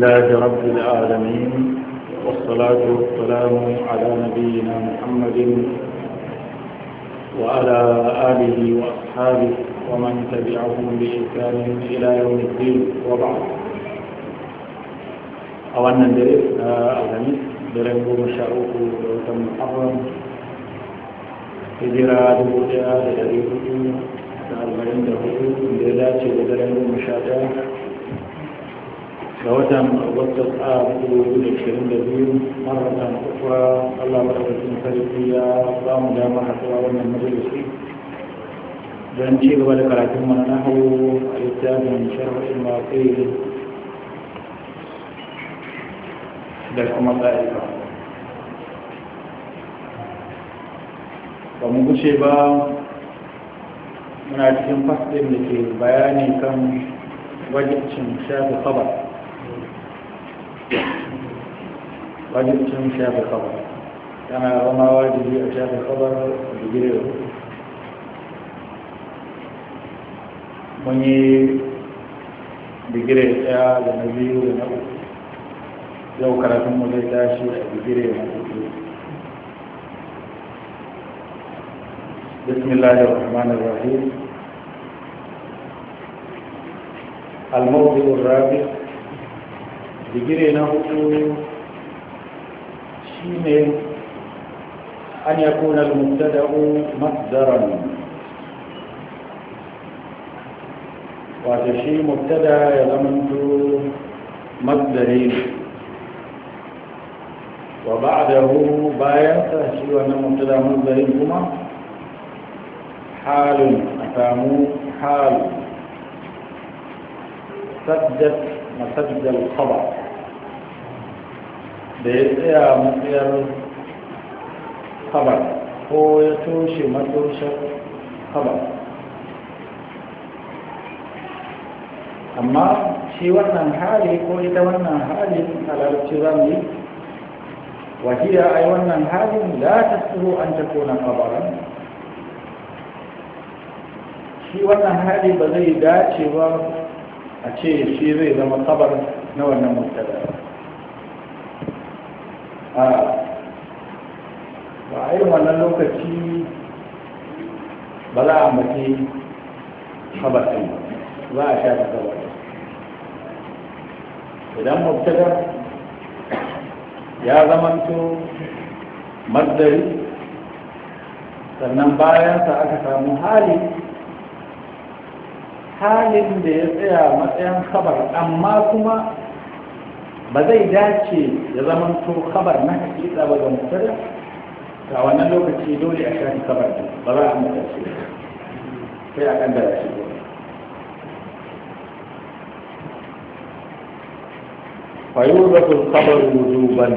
لله رب العالمين والصلاة والسلام على نبينا محمد وعلى آله وأصحابه ومن تبعهم بإحسان إلى يوم الدين وبعد أولا درس الخميس درس مشاروك دوت محرم هجرة دبوتها لدريب الأربعين دهوت درس مشاروك ga watan wata a dubu da shirin da biyu maratan kuwa allah madaukakin sarki ya ba mu damar haɗuwa wannan majalisi don ci gaba da karatun mana na hau a littafin sharhin maƙi da kuma tsarika ba mu gushe ba muna cikin fasɗin da ke bayani kan wajibcin shafi kabar واجب تشم شاب الخبر كما وما واجب شاب الخبر بجريه مني بجريه تاع النبي ونبي لو كانت مولاي تاشي بجريه بسم الله الرحمن الرحيم الموضوع الرابع digire na hudu shine an yakuna al-mubtada'u masdaran wa shi mubtada ya zamantu masdarin wa ba'dahu bayan sa wa na mubtada masdarin kuma halun atamu samu halu saddat masajjal khabar da ya tsaya matsayar kabar ko ya toshe matoshin kabar amma shi wannan hali ko ita wannan hali a larabci za a yi wannan halin da ta tsoro an ta kona habaran shi wannan hali ba zai dace ba a ce shi zai zama kabar na wannan mutane A'a, ba a yi wannan lokaci ba za a mace habatai ba a sha ta idan Mabtada ya zamanto maddari sannan bayansa aka samu hali halin da ya tsaya matsayin kabar amma kuma ba zai dace ya zama to kabar na hakika ba da mutada a wannan lokaci dole a shafi kabar ba za a mutar shi sai a kan da shi فيوضع القبر وجوبا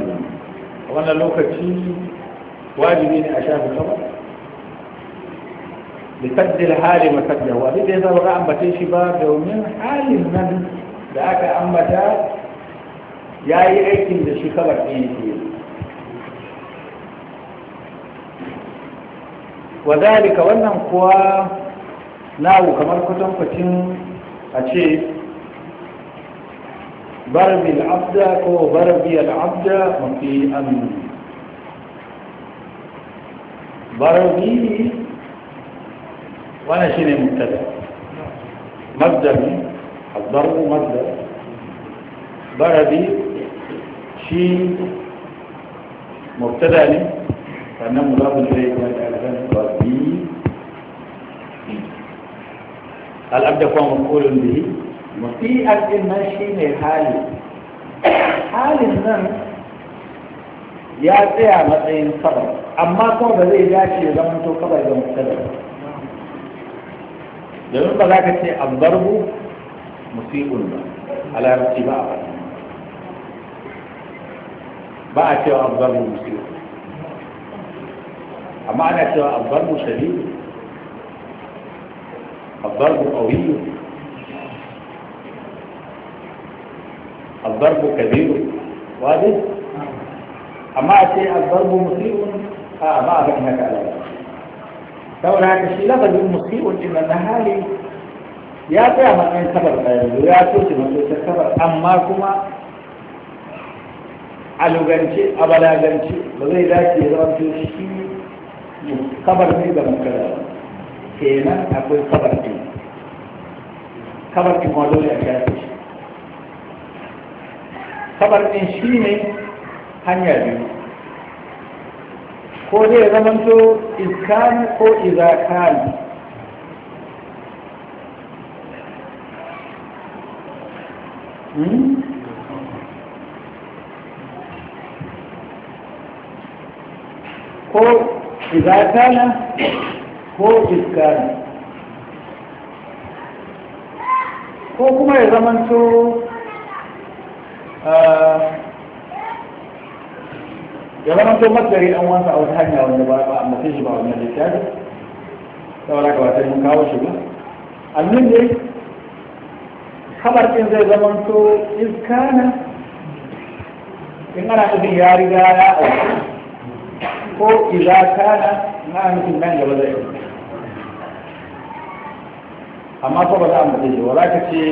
وانا لوكتي واجبين اشاف القبر لسد الحال مسده وابدا اذا بقى عم بتيشي باب يومين حال من ذاك عم بتاع ya yi aikin da shi kabar ɗaya ke wa zalika wannan kuwa nawu kamar kwatankwacin a ce barbi al'abda ko barbi al'abda mafi amini barbi wani shi ne mutane mazdari الضرب مصدر بردي shi mubtada ne sannan mu mudafin ilayhi kuma da ba bi al'abda kuma maqulun bihi musi'at din nan ne hali halin nan ya tsaya matsayin sabar amma kuma ba zai dace ya zama to kabar da mubtada domin ba za ka ce abbarbu musi'un ba a larabci ba a ba a cewa abdallu musulmi amma ana cewa abdallu shari'u الضرب قوي الضرب كبير واضح أما أتي الضرب مسيء آه ما أبنك على فأولا هذا الشيء لفظ مسيء إن النهالي يا قيامة من سبب يا توسي من سبب أما كما a lugance a balagance ba zai dace ya zama to shi kabar ne ga mukarrar kenan akwai kabar ne kabar ne kuma dole a shafi shi kabar ne shi ne hanya biyu ko ya zama to iskan ko izakani Hmm? ko shiga kana ko iskana ko kuma ya to ah, ya to matsari an wasa a wata hanya wanda ba a mace shi ba wannan littafi saboda ka wata yin kawo shi ba annin dai kabar din zai zamanto iskana in ana abin yari da ya auku ko iza kana na mutum nan gaba zai amma ko ba za a mutu ba za ka ce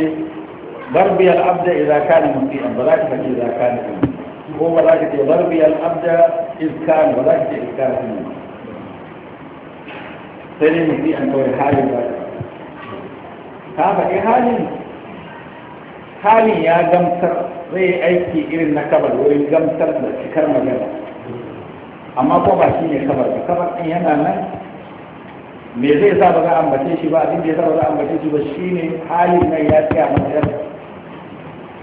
barbi al'abda iza kana an ba za ka ce iza kana ko ba za ka ce barbi al'abda iskan ba za ka ce iskan sai ne an kawai halin ba ka faɗi halin halin ya gamsar zai aiki irin na kabar wurin gamsar da cikar magana amma ko ba shi ne kabar ba kabar ɗin yana nan me zai sa ba za a ambace shi ba abin da ya sa ba za a ambace shi ba shi ne halin nan ya tsaya matsayar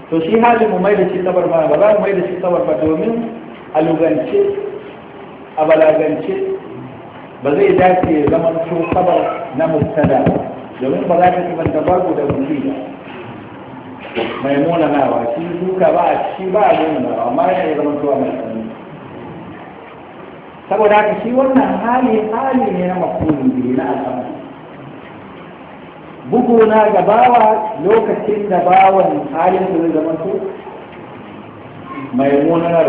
to shi halin mu mai da shi kabar ba ba za mu mai da shi kabar ba domin a lugance a balagance ba zai dace ya zama to kabar na mustada domin ba za ka kimanta babu da mutum ba mai munanawa shi duka ba shi ba a munanawa amma yana zama tuwa mai tsanani saboda haka shi wannan hali hali ne na makonin biyu na al'amari bugu na gabawa bawa lokacin da bawan halin su zai zama su mai munar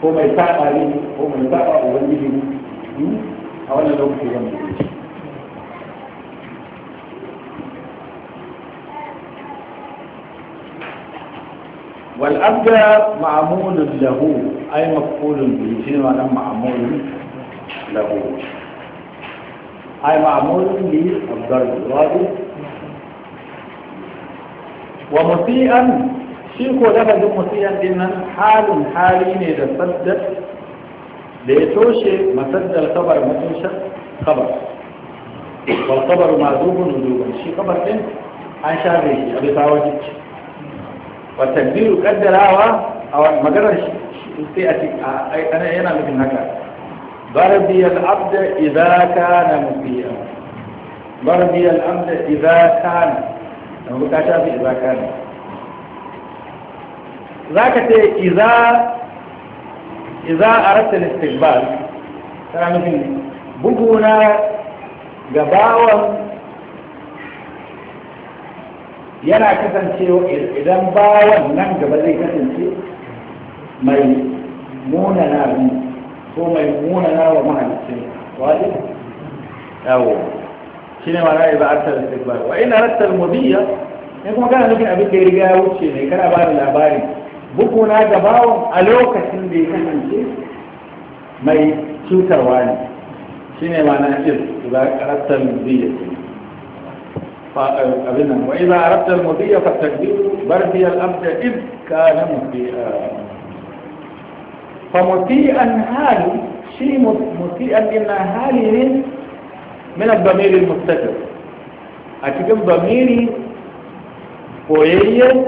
ko mai saba ne ko mai saba ubangiji hmm? a wannan lokacin zama su والأبدى معمول له أي مفعول به شنو معنى معمول له أي معمول للضرب واضح ومسيئا شيكو لفظ مسيئا إن حال حالين إذا سدد ليتوشي مسد الخبر متوشى خبر والخبر معذوب وجوبا شي خبر إن عن شابه أبي تعوجك Wata biyu kaddarawa a maganar sai a cikin yana haka barbi al-abd idza kana mufiya barbi al-abd idza da muka ta fi idza ce iza idza aradta al-istiqbal kana nufin buguna gabawan yana kasancewa idan bayan nan gaba zai kasance mai munana bi ko mai munana wa mahalicci wajib yawo shi ne mara iba arta da sigbar wa ina rattar mudiya ne kuma kana nufin abin da ya riga ya wuce ne kana ba da labari bukuna gabawa a lokacin da ya kasance mai cutarwa ne shi ne mana iba arta ne أبنا وإذا أردت المضي فالتكبير بردي الأبد إذ كان مسيئا فمسيئا هالي شيء مسيئا إن هالي من من الضمير المستجر أتكلم ضميري قوية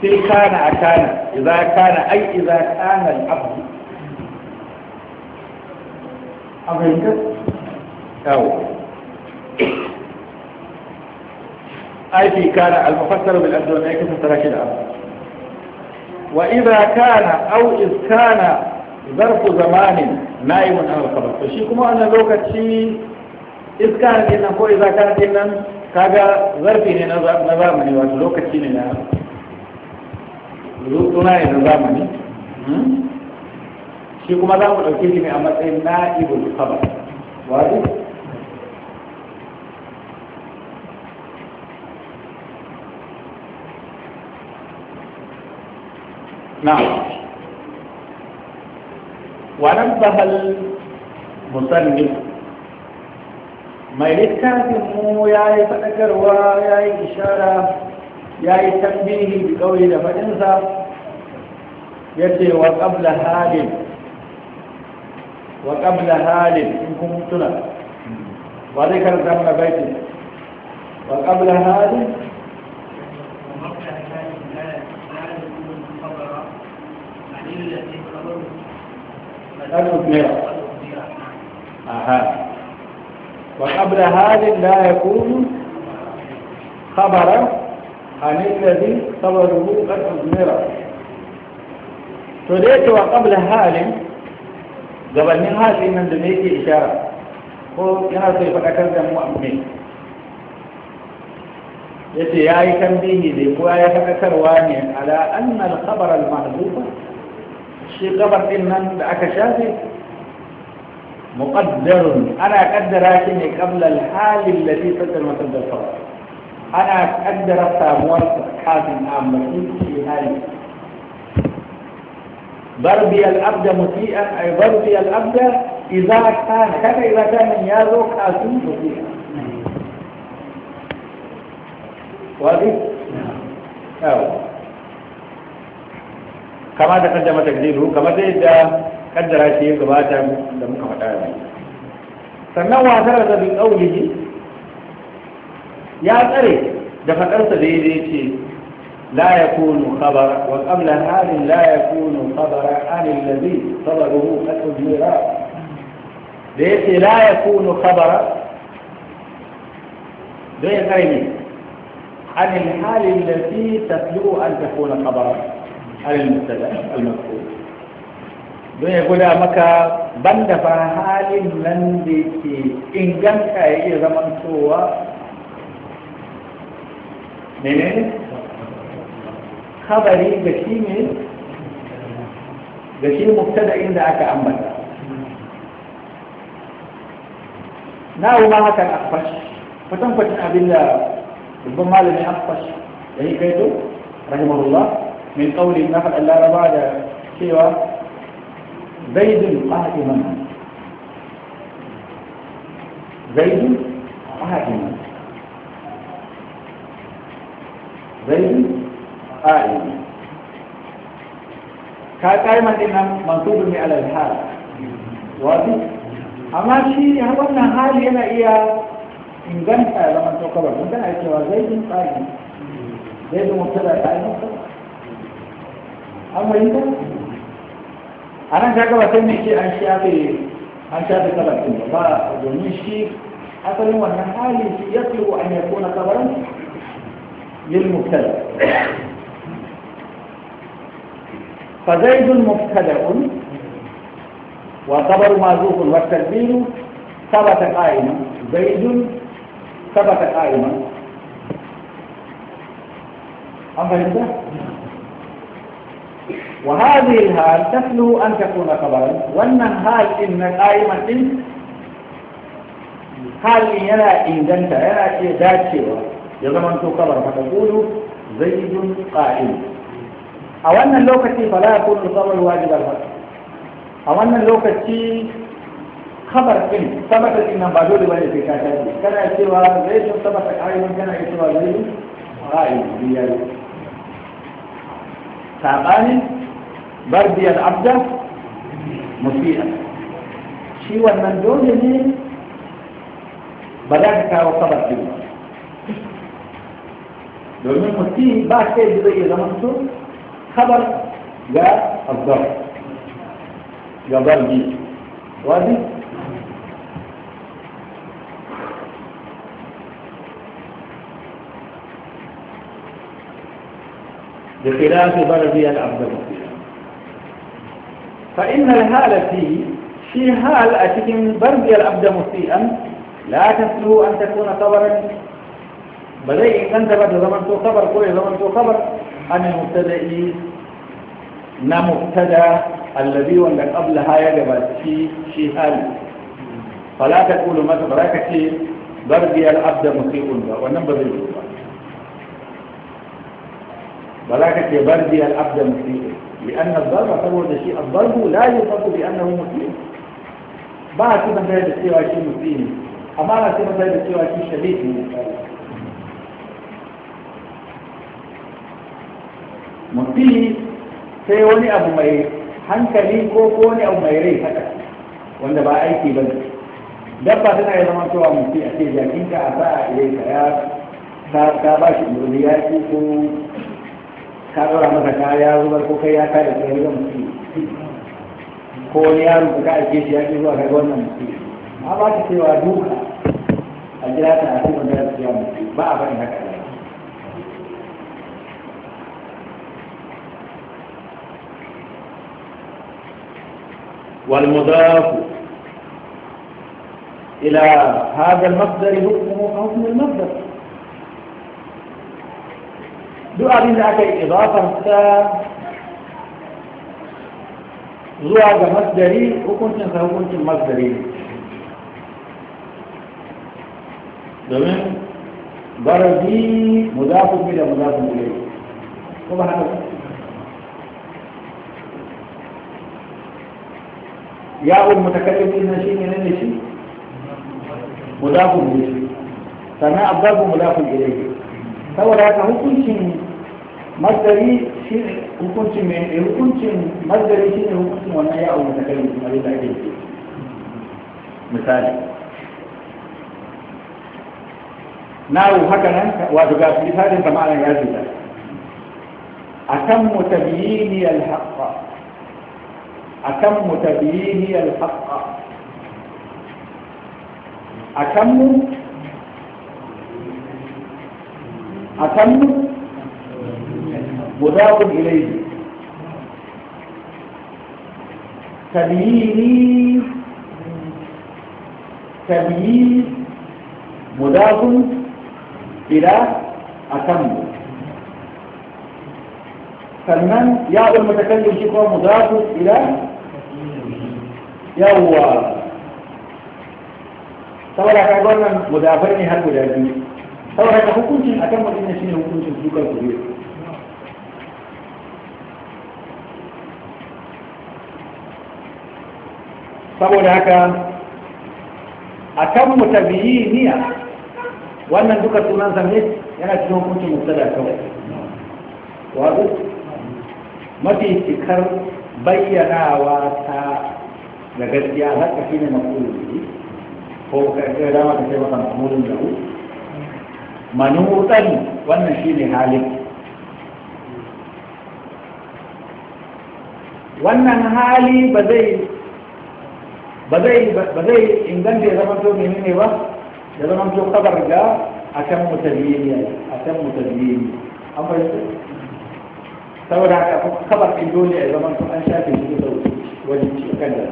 في كان أكان إذا كان أي إذا كان العبد أفهمت؟ أو aiki kana almufassar bil adl ne kuma tsara shi da wa idha kana aw iz kana zarfu zamanin na'imun an al to shi kuma wannan lokaci iz kana ko idha kana kaga zarfi ne na zamani wato lokaci ne na zuwa na zamani shi za mu ɗauke shi a matsayin na'ibul khabar wato نعم ونبه المصنف ما يتكلم يا يتذكر ويا إشارة يا تنبيه بقوله فإنسى يتي وقبل هذه وقبل هذه إن كنت وذكر ذنب بيته وقبل هذه المثمرة وقبل هذا لا يكون خبرا عن الذي صبره قد أثمر فليت وقبل هذا قبل من هذا من دنيتي إشارة قل كنا سيفا كنت مؤمن يتي يا أي تنبيه ذي على أن الخبر المعذوب شقبة من أكشافه مقدر أنا أقدر أكني قبل الحال التي تدر مثل الفرق أنا أقدر أتامور حال نعم مكين في حالي بربي الأبد مسيئا أي بربي الأبد إذا كان كان إذا كان من يازو كاسم مسيئا نعم. واضح؟ نعم kama da kaddama takdiru kamar da yadda kaddara shi ya gabata da muka faɗa da sannan wasar da bin ƙaunihi ya tsare da faɗarsa daidai ce la ya kunu khabara wa qabla halin la ya kunu khabara halin lazi sabaruhu kasu jira da ya ce la ya kunu khabara da ya tsare ne halin halin lazi taslu an takuna khabara alal mubtada don ya guda maka banda fa halin nan da ke inganta ya iya zamantowa menene khabari da shi ne da shi mubtada inda aka ambata na ma hakan akfash kwatan kwatan abin da babban malami akfash da ya kaito rahimahullah min kauli na faɗin laraba da cewa zaidun ƙa'iman zaidun ƙa'iman zaidun ƙa'iman ka ƙa'iman ɗin nan mansubin ne alal hal wasu amma shi har wannan hali yana iya inganta zaman to kabar mun tana cewa zaidun ƙa'iman zaidun mubtada ƙa'iman an bayyana a nan kaga ba sai mai ce an shafe an shafe talatin ba domin shi asalin wannan hali shi ya tsoro an yako na kabarin yin mubtada fa zaidun mubtada'un wa kabaru mazufun wa tadbiru ثبت قائما زيد ثبت قائما an فهمت؟ وهذه الهال تخلو أن تكون خبرا وأن هال إن قائمة هال إن ينا إن دنت ينا ذات شيء يزمن تو خبر فتقول زيد قائم أو أن اللوكة فلا يكون الخبر واجب الفتح أو أن اللوكة خبر إن ثبت إن بعدود بني في كاتب كان سوى زيد ثبت قائم كان سوى زيد قائم بيالي ساقاني بربي العبد مسيئا شي ومن دون لي بلاك وصبر فيه دون مسيء بعد كي يبقى إذا مسيء خبر جاء الضرب جاء بربي وادي بخلاف بربي العبد مسيء فإن الهالة في هال أتكن برد الأبد مسيئا لا تسلو أن تكون خبرا بدأي إن كنت بعد زمن تو خبر كل زمن تو خبر عن المبتدئ نمبتدى الذي وندك قبلها يجب في في هال فلا تقول مثلا بركتي برد الأبد مسيئا ونبذ الجوع بلاكتي برد الأبد مسيء لأن الضرب فهو شيء الضرب لا يصف بأنه مسلم بعد كده بقى بتسيوا شيء مسلم أما أنا كده بقى بتسيوا شيء شديد مسلم sai wani abu mai hankali ko ko wani abu mai rai haka wanda ba aiki ba ne dabba tana yi zama cewa mutu a ce jakinka a sa a ilai ka ya ta ba shi ya ko ka ɗora masa kaya zubar ko kai ya ka da kai ruwan mutum ko wani yaro ka ka ake shi ya ke zuwa kaga wannan mutum a ba ta cewa duka a jira ta a cikin da ya mutum ba a faɗin haka والمضاف إلى هذا المصدر حكمه حكم المصدر duk abin da aka yi idafansa zuwa ga masdari hukuncin sa hukuncin masdari domin barazi mudafin bi da mudafin bi kuma haka ya mutakallimin nan na shi ne shi mudafin bi sannan abdabu mudafin bi saboda haka hukuncin masdari shi ne hukuncin mai eh, hukuncin masdari shi ne hukuncin wannan ya abu da kai kamar yadda ake misali nawo haka nan wato ga misalin da ma'anar ya zuta a mutabiyini alhaqqa akan mutabiyini a akan mu akan mu مضاف إليه تبييني تبيين مضاف إلى أتم sannan yawon المتكلم شكوى kuma إلى ila yawwa saboda ka wannan mudafai ne har guda biyu saboda ka hukuncin akan mutum ne shine hukuncin dukkan su biyu saboda haka a kan mutabiyi niya niyya wannan duka sunan zane yana cikin hukuncin da kawai wato mafi cikar bayyanawa ta da gaskiya ka shi ne bihi ko kai da ma kai masa maqulun lahu manutan wannan shi ne halin wannan hali ba zai ba zai inganta ya zama to ne ba ya zama to kabar ga a akan a akan mutabiyyiyya an fahimta saboda haka kabar ɗin dole ya zama to an shafe shi da wani cikin da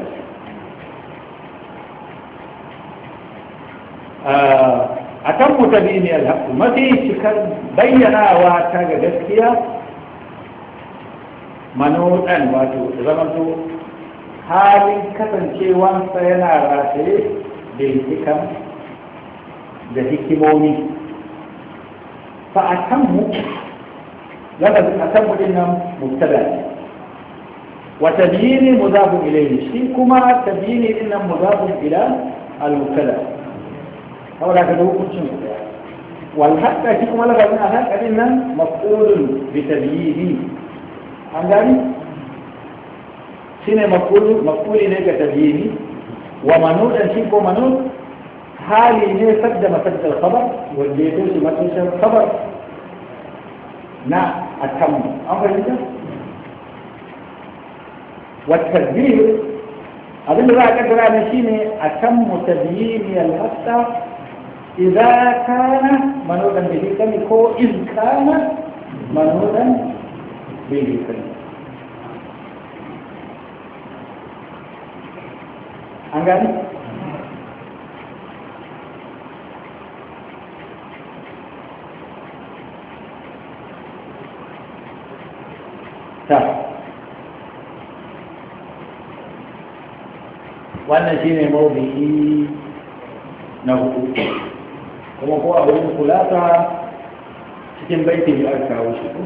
a kan ah, mutabiyyiyya alhaƙu mafi cikar bayyanawa ta ga gaskiya manoɗan wato zama to halin kasancewansa yana rataye da da hikimomi fa a kan mu lafazin a kan mutum nan mubtada ne wa tabyini mudafun ilayhi shi kuma biyu ne din nan mudafun ila al-mubtada saboda ka da hukuncin ku والحق shi kuma lafazin a haƙa din nan maf'ulun bi tabyini an gani shine mafulu mafuli ne ga tabyini wa manun dan shi ko manun hali ne sadda masadda al-khabar wanda ya toshi matushin khabar na atam an fahimta wa tadbir abin da za a kaddara ne shine atam tabyini al-hatta idza kana manudan bihi kami ko iz kana manudan bihi kami an gani ta wannan shi ne mawubi na hudu kuma ko abin kulata cikin baitin da aka kawo shi ko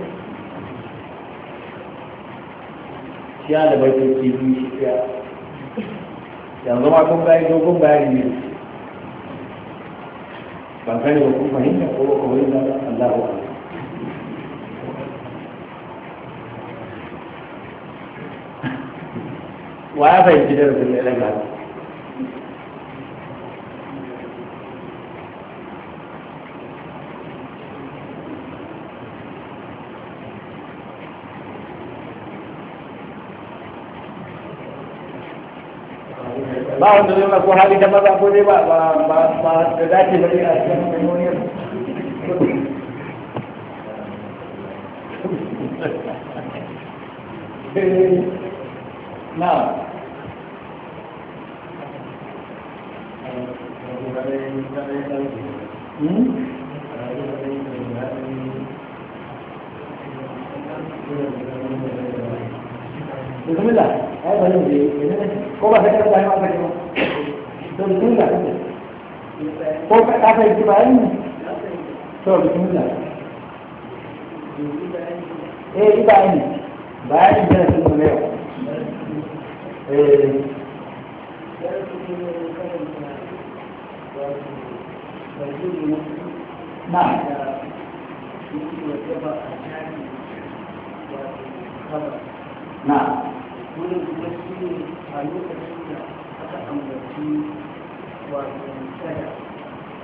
shi da baitin cikin shi ya yanzu ma kun bayan dogon bayani ne ban sani ba kun fahimta ko ba ku fahimta ba Allah ba wa ya fahimci darasin da ya ba wanda zai ko hali da maza ko dai ba ba ba ba da dace ba a cikin duniyar Thank you. ko ka ka fahimci bayani to bismillah eh yi bayani bayani da na ne yau eh na na a lokacin da aka ambaci wato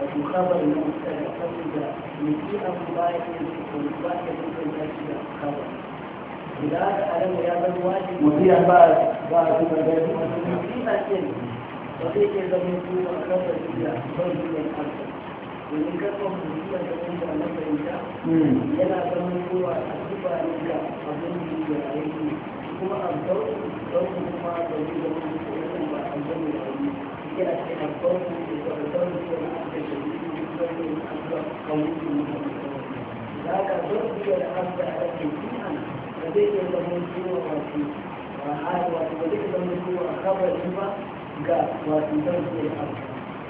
wato khabar na mutane saboda mutu abu baya ne ba ya da idan aka ya mutu ya ba ba su ga gari wato mutu ba zai ke zama da ban zuwa domin mutu zama da yana zama kowa a zuba ne abin da ya yi kuma a zaune kuma da ذاك ضربي الأرض على الجميع فبيت لهم سوى وفي وحال وبيت لهم سوى خبر جمع جاء وفي ضربي الأرض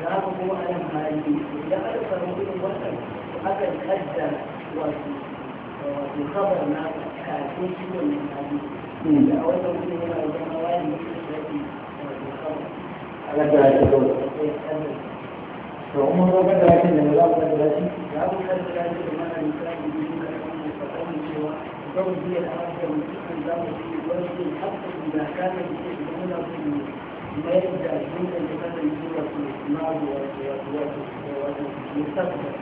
ذاك هو ألم هذه لا أعرف رجل وصل وأكل خزة وفي وفي خبر ما كان سوى من هذه لأول ما كنا نرجع موالي अलग ड्राइव तो तो उन लोगों का ड्राइव से मिलेगा अपना ड्राइव से क्या उसका ड्राइव से हमारा निकला इंजीनियरिंग करना मुझे पता नहीं हुआ तो ये हमारे जो मुख्य एग्जाम होती है वो ये हर जानकार में इसे ध्यान रखते हुए मैं ड्राइविंग का जैसा तरीके का ना हुआ हुआ हुआ हुआ ये सब लोग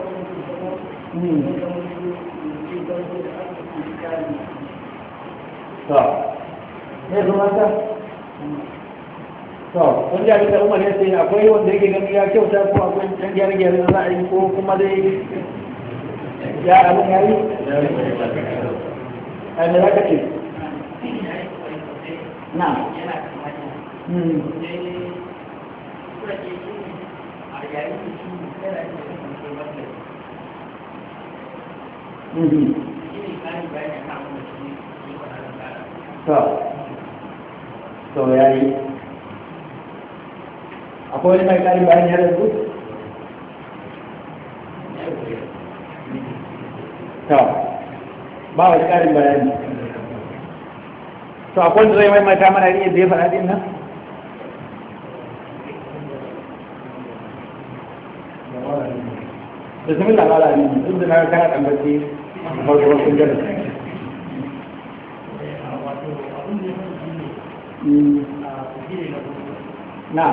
आपको समझ नहीं समझ ये समझता to kun ji abinda umar ya ce akwai wanda yake gani ya kyauta ko akwai can gyara gyara na ra'ayi ko kuma dai ya abin ya yi a da zaka ce na hmm. hmm. hmm. to to yayi akwai wani mai ƙari bayan ya rasu to ba wani ƙarin bayani to akwai wanda zai mata mana iya da ya faɗa ɗin nan da su mila ne duk da na kana tambaci farko wasu gani hmm. na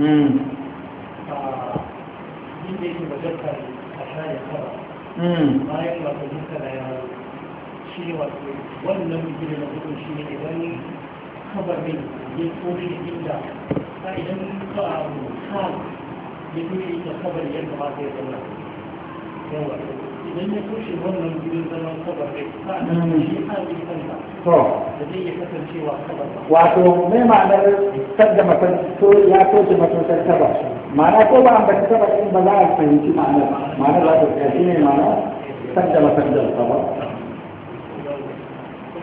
wannan bigire na hukun ne wani ya toshe inda a idan ka abu kan ya toshe ita kabar ya ba ya zama yawa idan ya toshe wannan bigire zaman kabarin ka a a yi wato mai ma'anar sadda mutum to ya toce mutum sai ta bashi ma'ana ko ba an bata ta bashi ba za a fahimci ma'anar ma'anar za ta tsaya shi ne ma'ana sadda mutum da ta ba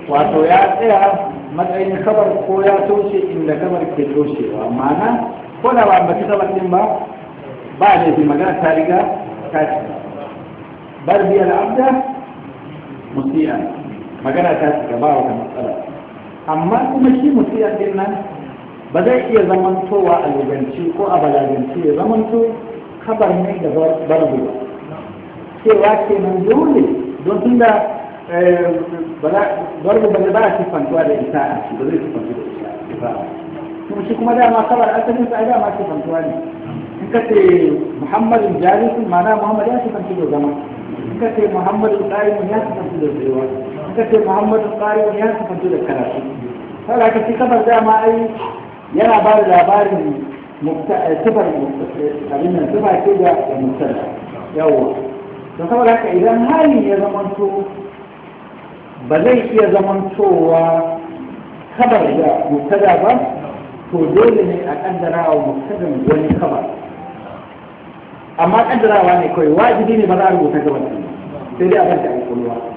wato ya tsaya matsayin kabar ko ya toce inda kabar ke toshewa ma'ana ko da ba an bata ta bashi ba ba ne bi magana ta riga ta ci barbiyar abda musiyan magana ta shiga ba wata matsala amma kuma shi ya din nan ba zai iya zamantowa a luganci ko a balaganci ya zamanto kabar ne da barbu cewa ke nan dole don tun da eh, barbu ba a a fantuwa da ita a ci ba zai fantuwa da ita ba kuma shi kuma dama kabar asalin sa dama fantuwa ne in ka ce muhammadin jarisun ma'ana muhammad ya fantuwa da zama in ka ce muhammadin ɗayin ya fantuwa da zaiwa ce muhammadu ƙari ya tafi da karatu saboda ka ci kamar dama ai yana ba da labarin eh, sifar eh, abin nan sifa ce da mutala yawa to saboda haka idan hali ya zamanto ba zai iya zamantowa kabar da mutala ba to dole ne a kaddara wa mutalan wani kabar amma kaddarawa ne kawai wajibi ne ba za a rubuta gaban sai dai a kanta a kulwa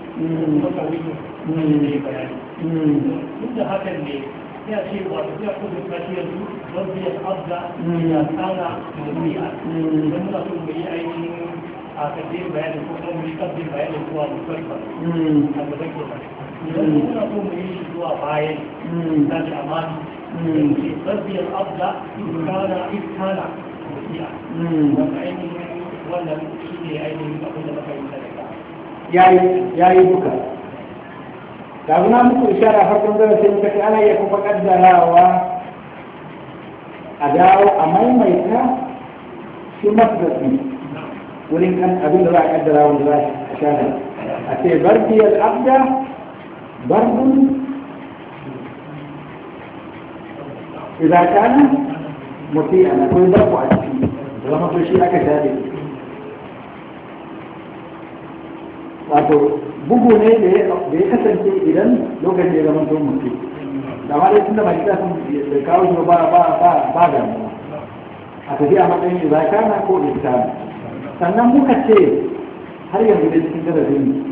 kuma haka ne bayani duk da hakan ne ya ce wato ya kudu kashi yanzu wanda yi a yi mu wannan shi ne ainihin abin da yi ya yi duka da na muku ishara farkon zara sai muka ce ana iya kuma kaddarawa a dawo a maimaita shi masdasi wurin kan abin da za a kaddara wanda za a shahara a ce barki al'abda barbun idan kana mutum akwai barku a ciki zama to shi aka shafe wato bugu ne da ya kasance idan lokaci ya zama tun mutu da ma dai tunda mai sun da kawo shi ba ba ba ba da mu a tafi a matsayin izakana ko iskana sannan muka ce har yanzu da cikin garabin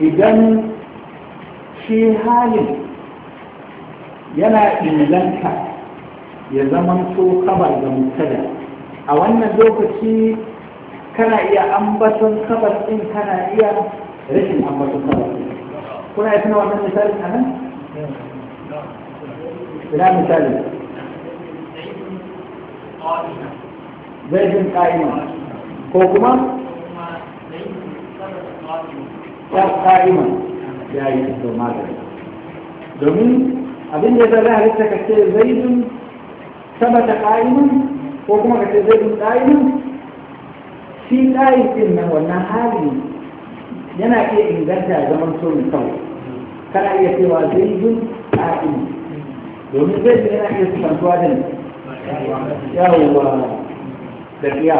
idan shi halin yana ilanta ya zama so kabar da mutada a wannan lokaci kana iya ambaton kabas din kana iya rashin ambaton kabas din kuna yi tunawa wannan misali a nan? ina misali zaitun ƙa'ima ko kuma ƙa'ima ya yi da magani domin abin da ya zara halitta ka ce zaitun sabata ƙa'iman ko kuma ka ce zaitun ƙa'iman shi tayi din nan wannan hali yana iya inganta zaman so mai kyau kana iya cewa a ɗin domin zai yana iya sukantuwa da yawwa da tsiya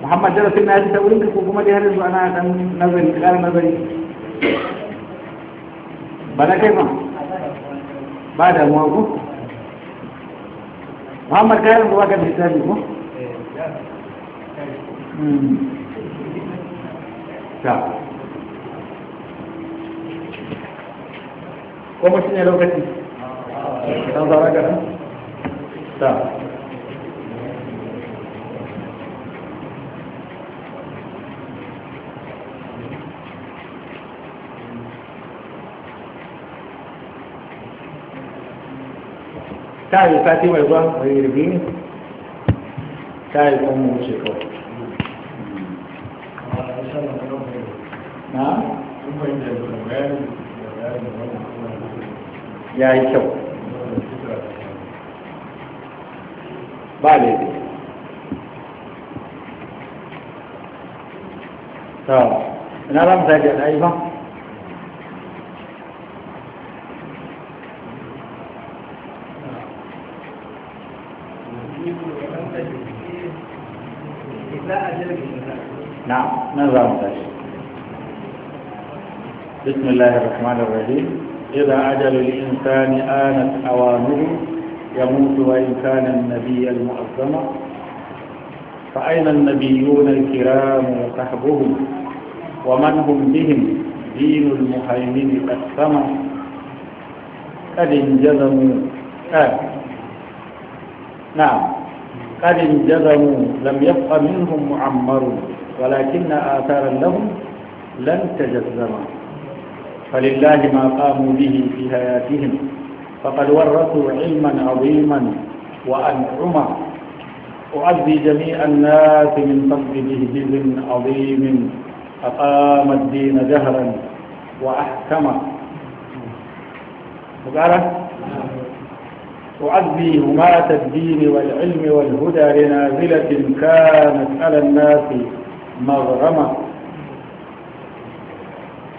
Muhammad jara na yi ta wurin ko kuma dai har yanzu ana ɗan nazari ƙara nazari ba na kai ba ba damuwa ko Muhammad kayan ruwa ga misali ko? Hmm. Ta. Kuma shi ne lokaci? Ta zara gara? Ta. ta yi sati mai zuwa mai rubi ne ta yi kuma mu kawai ya yi kyau ba ta ina za mu sake ɗaya ba? بسم الله الرحمن الرحيم إذا أجل الإنسان آنت أوانه يموت وإن كان النبي المؤذم فأين النبيون الكرام وصحبهم ومن هم بهم دين المهيمن قد سمع قد انجزموا آه. نعم قد انجزموا لم يبق منهم معمر ولكن آثارا لهم لن تجزموا فلله ما قاموا به في حياتهم فقد ورثوا علما عظيما وأنعما أعزي جميع الناس من فضله جزء عظيم أقام الدين جهرا وأحكما وقال أعزي هماة الدين والعلم والهدى لنازلة كانت على الناس مغرمة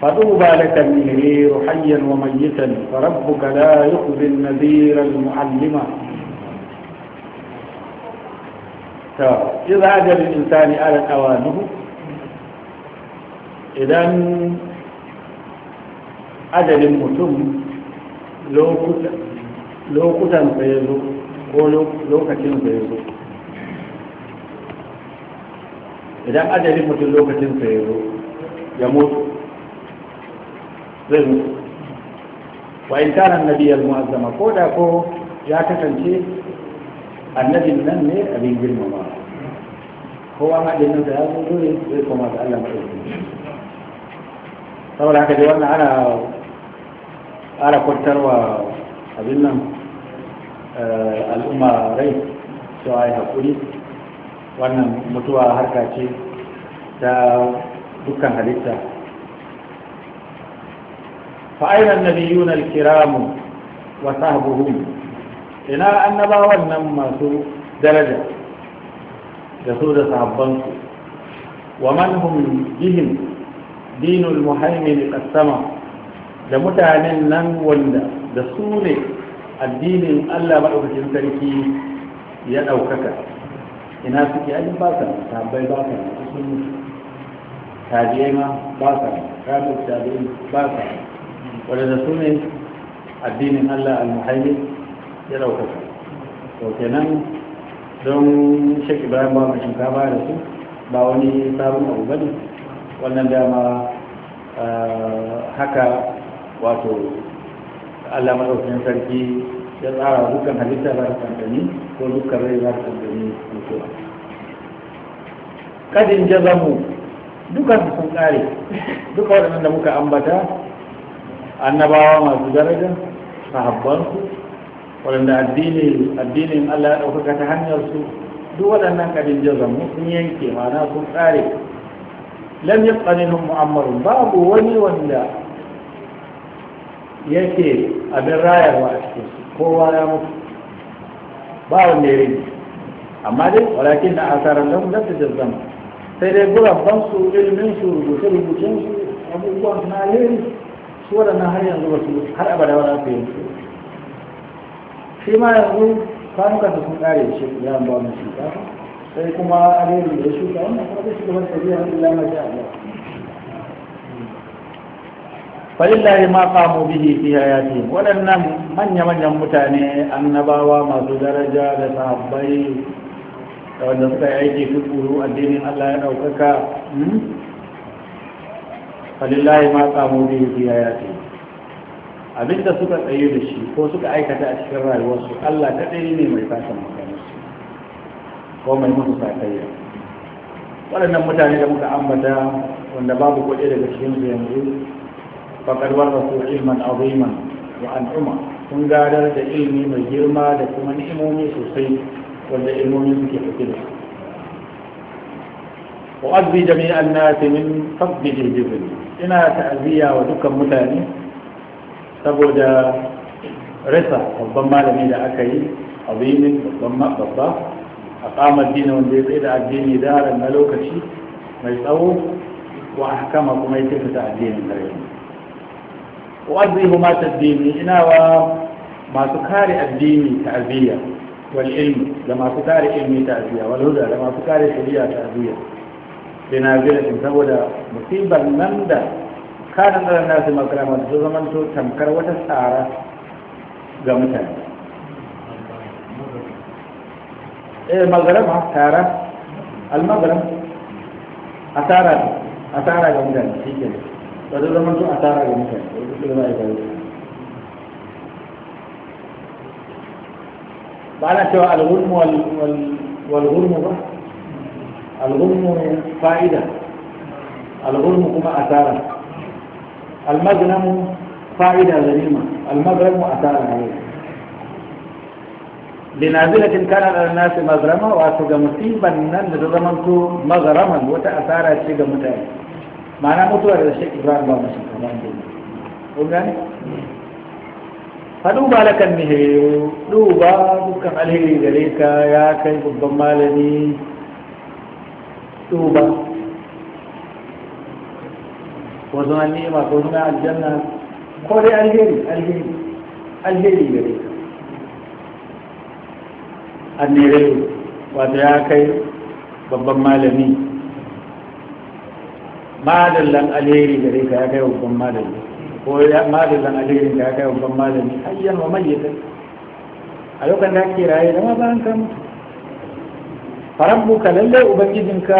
فطوبى لك النذير حيا وميتا فربك لا يخزي النذير المعلم إذا أجل الإنسان على أوانه إذا أجل المتم لو كتا فيزو قولوا لو كتا فيزو إذا أجل المتم لو كتا فيزو يموت zai mutu wa in kana annabi al-mu'azzama ko da ko ya kasance annabin nan ne abin girmama kowa ma nan da ya zo dole zai koma ga Allah mai saboda haka dai wannan ana ƙara kwantarwa abin nan eh, al'umma rai cewa ya haƙuri wannan mutuwa harka ce ta dukkan halitta فأين النبيون الكرام وصحبهم إنا أنبا ونما سوء درجة رسول صحبانك ومن هم بهم دين المهيمن قسمه da mutanen nan wanda da su ne addinin Allah maɗaukacin sarki ya ɗaukaka ina suke ajin ba sa tabbai ba sa sun tajiyai ma ba sa ramin tajiyai ba sa waɗanda su ne addinin Allah al-muhaimi ya ɗaukaka to kenan don shek ibrahim ba mai shinkafa da su ba wani sabon abu bane wannan dama ah, haka wato Allah maɗaukakin sarki ya tsara dukkan halitta ba ta kankani ko dukkan rai ba ta kankani mutuwa kadin jazamu duka su sun kare duka waɗannan da muka ambata annabawa masu daraja sahabbansu waɗanda addinin Allah ya ɗaukaka ta hanyar su duk waɗannan kadin jazamu sun yanke mana sun tsare lam yaqanihum mu'ammarun babu wani wanda yake abin rayarwa a cikin su kowa ya mutu ba wanda ya rage amma dai walakin da asarar don da ta sai dai gurabban su ilmin su rubuce-rubucen su abubuwan na alheri su waɗannan har yanzu ba su har abada ba za su yi shi ma yanzu kwanukan da sun ƙare shi ya ba mu shinkafa sai kuma alheri da ya shuka wannan kuma zai shiga wata biya wani lamar sha Allah falillahi ma qamu bihi fi ce, waɗannan manya manyan mutane annabawa masu daraja da sahabbai da wanda suka yi aiki tukuru addinin Allah ya ɗaukaka hmm? falillahi ma samu biyu biya ya ce suka tsaye da shi ko suka aikata a cikin rayuwarsu Allah ta ɗaya ne mai fasa maganarsu ko mai musu sakayya waɗannan mutane da muka ambata wanda babu kuɗi daga cikin su yanzu faƙar warra su ilman aziman wa al'umma sun gadar da ilimi mai girma da kuma ni'imomi sosai wanda ilmomi suke ɗauke da su وأبي جميع الناس من فضله بظله ina ta'aziyya wa dukkan mutane saboda rasa babban malami da aka yi a winin babban babba a kamar dina wanda ya tsaye da addini daren na lokaci mai tsawo wa kama kuma ya tafi ta addinin da yau wa'azihu ma taddini ina wa masu kare addini ta'aziyya wal ilmi da masu kare ilmi ta'aziyya wal huda da masu kare shari'a ta'aziyya binabirin saboda musibar nan da kanan da nasu makarama su zama to tamkar wata tsara ga mutane eh magarama tsara almagaram asara asara ga mutane shi ke da su zama to asara ga mutane ba na cewa alghurmu wal wal ba الغنم فائدة الغنم كما أتارا المغنم فائدة غنيمة المغرم أتارا لنازلة كان على الناس مغرمة وأتوقع مصيبا نن تزمنت مغرما وتأثارا شيء متعب معنى متوى هذا الشيء إبراهيم بابا شكرا فدوبا لك المهيو دوبا بكم الهي إليك يا كيف الضمالني fiqh ba wasu na nema ko na aljanna ko dai alheri alheri alheri gare an annere wato ya kai babban malami madallan alheri gare ka ya kai babban malami ko madallan alheri ka ya kai babban malami hayyan wa mayyatan a yau kan da ake raye da ma ba an kan mutu فربك للي أبنجدنك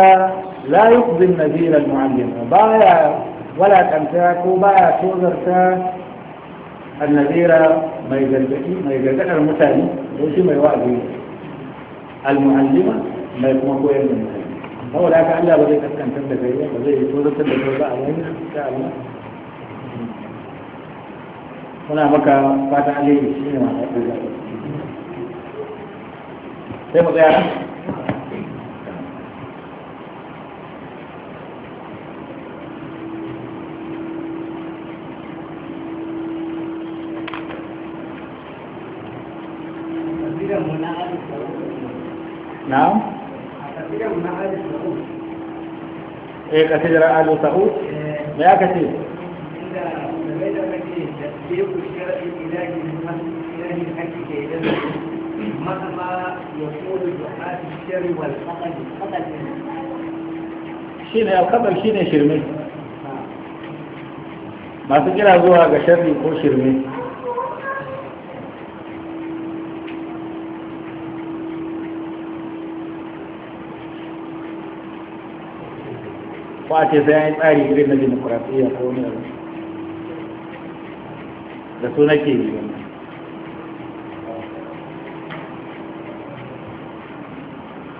لا يقضي النذير المعلم بايا ولا تمساك بايا تغرسا النذير ما يجلبكي ما يجلبك المتالي وشي ما يواجه المعلمة ما يكون قوي من هو لا كان لا بدي أسكن تبدا إيه بدي توزر تبدا ولا أعلم كأعلم هنا maka fata alheri shi ما masu sai mu tsaya نعم ايه كثيرة آل وثقوت ايه ايه كثيرة اذا بيضا مكيه يبقى الشرق الهي من مهما يصول الزحاة الشر والقتل القتل شين يا القتل شين يا شرمي ما تجي لها زوها كشرق يكون شرمي ko a ce sai an yi tsari irin na demokuraɗiyya ko wani abu da su nake yi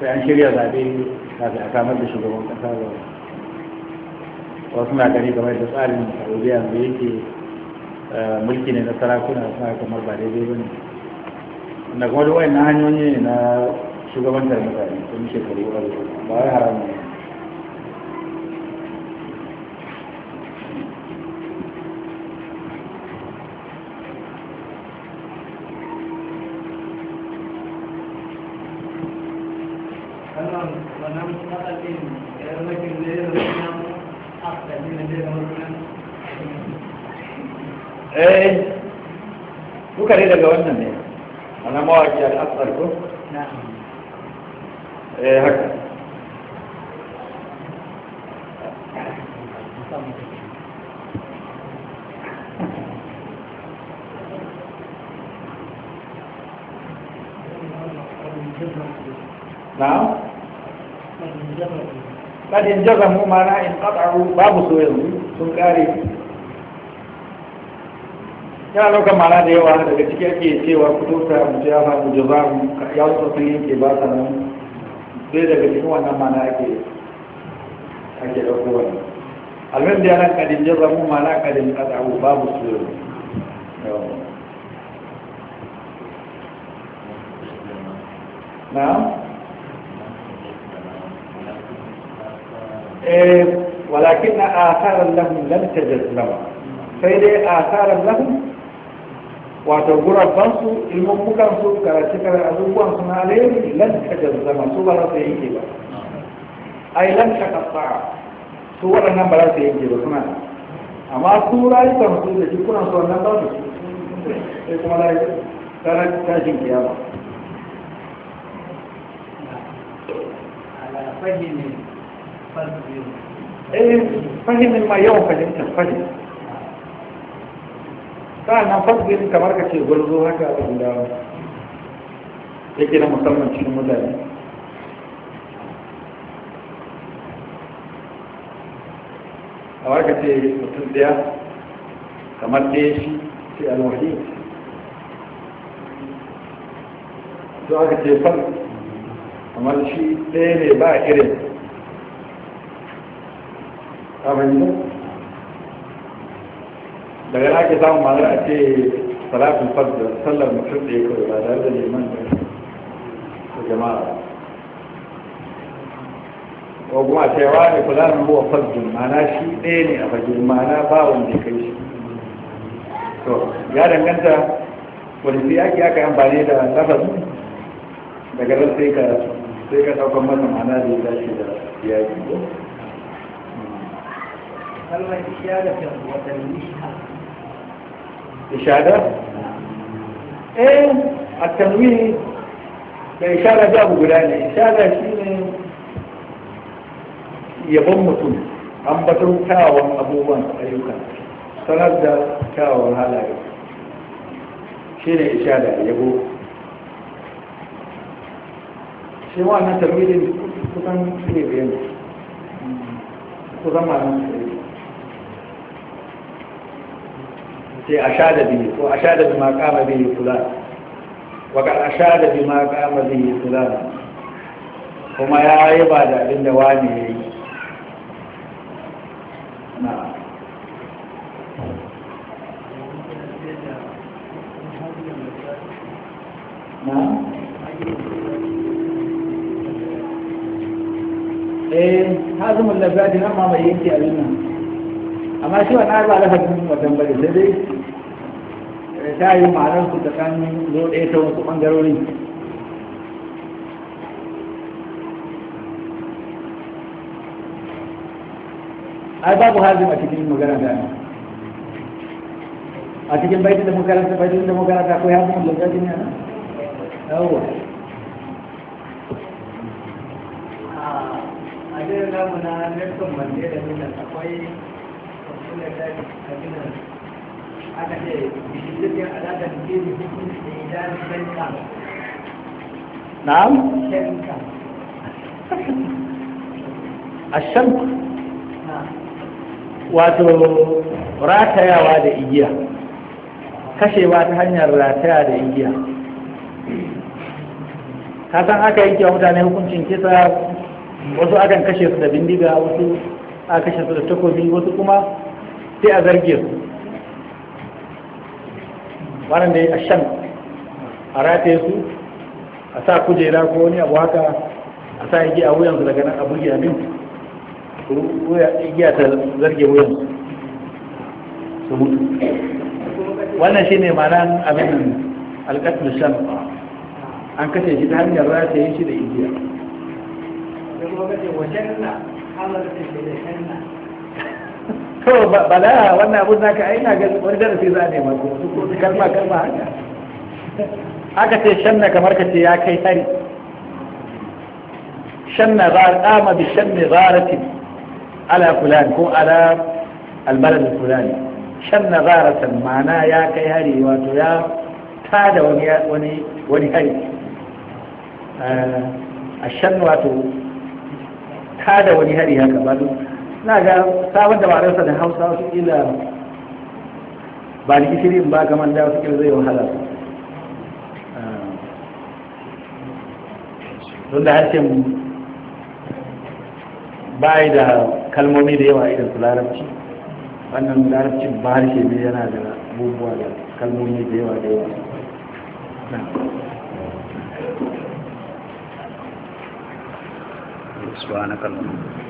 sai an shirya zaɓe kafin a samar da shugaban ƙasa ba wasu na gani kamar da tsarin saudiya da yake eh, mulki ne na sarakuna suna kamar ba daidai ba ne na kuma duk na hanyoyi ne na shugabantar mutane sun shekaru ba wai haramun ne dai daga wannan ne wannan mawaki al'asar ko? eh haka نعم yana ɗaukar mana da yawa daga ciki ake cewa kutusa mujafa mujabaru ya wasu sun yanke ba sa nan zai daga cikin wannan mana ake ake ɗauko wani almin da yana kadin jaza mu mana kadin ƙasa'u babu su na eh walakin na asarar lahun lantar jazlama sai dai asarar lahun wato gurabansu ilmummukansu karace karace abubuwan su na alayi lan da zama su ba za su yanke ba ai lan ta kasa su waɗannan ba za su yanke ba suna amma su rayukan su da jikunan su wannan ba su sai kuma na tsarar tashin kiyama fahimin eh, ma yawan fahimtar fahimtar sa'annan fasbir kamar ka ce gwarzo haka a guda yake na musamman cikin mutane a ka ce mutum daya kamar ɗaya shi ce alwahid su aka ce fal kamar shi daya ne ba irin abin daga na ake samun ma'anar a ce salafin fadda sallar mutum da ya kawai ba tare da neman da jama'a ko kuma wa ne kula na huwa fadda ma'ana shi ɗaya ne a fagen ma'ana ba wanda kai shi to ya danganta wani sai ake aka amfani da lafazi daga nan sai ka sai ka saukan masa ma'ana da ya dace da ya yi kalmar da watan ishara eh a tanwini da ishara da abu mutum an batun kyawawan abubuwan ayyuka sanar da kyawawan halaye shi ne ishara yabo shi wannan tanwini kusan shi kusan malam sai a sha da biyu ko a sha da bima kama biyu kula waka a sha da bima kama biyu kula kuma ya yi ba da abin da wani ya yi na na eh lafiya mai nan amma shi lafafin wajen bari sai dai eh, ta yi ma'anar su tsakanin zo ɗaya ta wasu ɓangarori ai babu hajji a cikin magana da ne a cikin baitin da makaranta baitin da makaranta ko ya kuma lokaci jajin yana yawa a jirin namu na nelson mandela ne akwai na'am ashan wato ratayawa da igiya kashewa ta hanyar rataya da igiya ka san aka yi wa mutane hukuncin kisa wasu akan kashe su da bindiga wasu aka kashe su da takobi wasu kuma sai a zarge su wannan da a shan a rataye su a sa kujera ko wani abu haka a sa yake a wuyansu daga nan a burge abin ta zarge wuyansu su mutu wannan shi ne ma'anan abin alƙasar shan an kashe shi ta hanyar rataye shi da igiya wajen na shi da shan na kawai bala wannan abun naka ai na gani wani darasi za a nema ko kalma kalma haka aka ce shanna kamar ka ce ya kai hari shanna za a kama bi shanna zarati ala fulan ko ala albalad fulan shanna zaratan ma'ana ya kai hari wato ya tada wani wani wani hari eh, a shan wato tada wani hari haka ba na ga sabon sa da hausa su ila ba da kishirin ba kamar da su zai wahala ah, don da harshen bayi da kalmomi da yawa irin su larabci wannan larabci ba harshe ne yana da abubuwa da kalmomi da yawa da yawa سبحانك اللهم